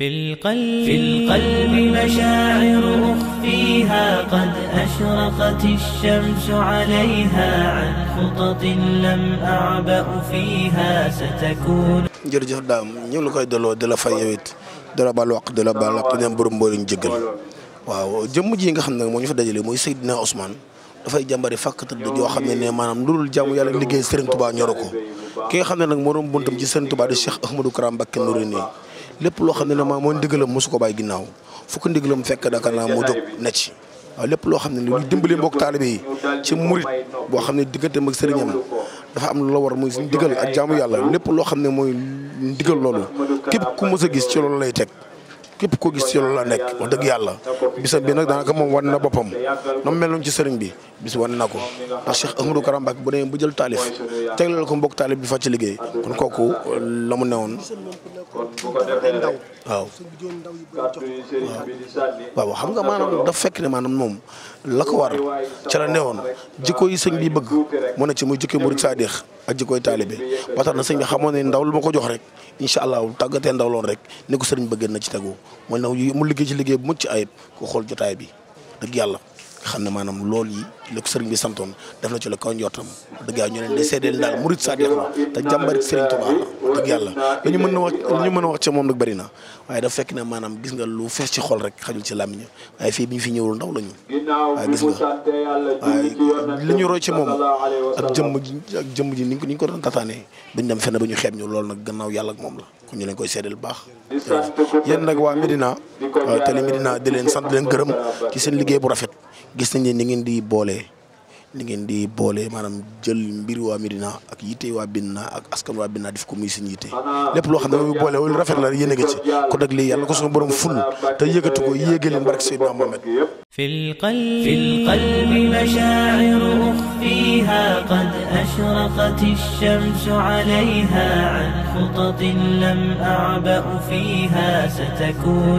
في القلب في القلب مشاعر أخفيها قد أشرقت الشمس عليها عن خطط لم أعبأ فيها ستكون jërëjëf daam ñu ngi la koy delloo di la fay yow it di la baal wàq di la baal wàq di leen borom mboolem jëggal waaw jëmm ji nga xam ne moo ñu fa dajale mooy Seydina Ousmane dafay jàmbari fàkk tëdd yoo xam ne ne maanaam lu dul jàmm yàlla liggéey Serigne Touba ñoro ko ki nga xam ne nag moo doon buntam ci Serigne Touba di Cheikh Ahmadou Kara Mbacké Noreyni lépp loo xam ne ne mooy mooy ndigalam mosu ko baay ginnaaw fu ko ndigalam fekk Dakar naa moo jóg na ci waaw lépp loo xam ne luy dimbali mbokk taalibe yi ci murit boo xam ne digganteem ak sëriñam dafa am lu la war muy ndigal ak jaamu yàlla lépp loo xam ne mooy ndigal loolu képp ku mos a gis ci loolu lay teg képp koo gis ci loolu la nekk wax dëgg yàlla bisam bi nag daanaka moom wan na boppam na mu mel noonu ci sëriñ bi bis wan na ko ndax Cheikh Ahmadou Kara Mbacké bu demee bu jël taalif teglal ko mbokk taalif bi fa ci liggéey kon kooku euh, la mu newoon waaw waaw xam nga maanaam dafa fekk ne maanam moom la ko war ca la newoon jikko yi sëñ bi bëgg mu ne ci muy jikko murid saadix ak jikkoy taalibe ba tax na sëñ bi xamoon ne ndaw lu ma ko jox rek incha allah tàggatee ndaw loon rek ni ko sëriñ bëggee na ci tegu mooy nag mu liggéey ci liggéey bu mucc ayib ko xool jotaay bi dëgg yàlla xam ne maanaam loolu yi la ko sëriñ bi santoon def la ci la kaw njortam dëgg yàlla ñu leen di seedeel daal murit saa def na te jàmbarit sëriñ Tuubaa la dëgg yàlla li mën na wax lu ñu mën a wax ci moom nag bëri na waaye dafa fekk ne maanaam gis nga lu fees ci xol rek xajul ci làmmiñ waaye fii bi ñu fi ñëwul ndaw la ñu waaye gis nga waaye li ñu roy ci moom ak jëm ji ak jëmm ji ni ñu ko doon tataanee bañ dem fenn ba ñu xeeb ñu loolu nag gannaaw yàlla ak moom la kon ñu leen koy seedeel baax yéen nag waa Medina Télé Médina di leen sant leen gërëm ci seen liggéey bu rafet gis nañ ne ni ngeen di boole ni ngeen di boole maanaam jël mbir waa Médina ak yitte waa Binna ak askan waa Binna def ko muy seen yitte lépp loo xam ne mooy boole wala rafet la yéen a ngi ci kon nag lii yàlla ko suñu borom ful te yëgatu ko yéege leen barke Seydina Mohamed. في القلب في القلب مشاعر أخفيها قد أشرقت الشمس عليها عن خطط لم أعبأ فيها ستكون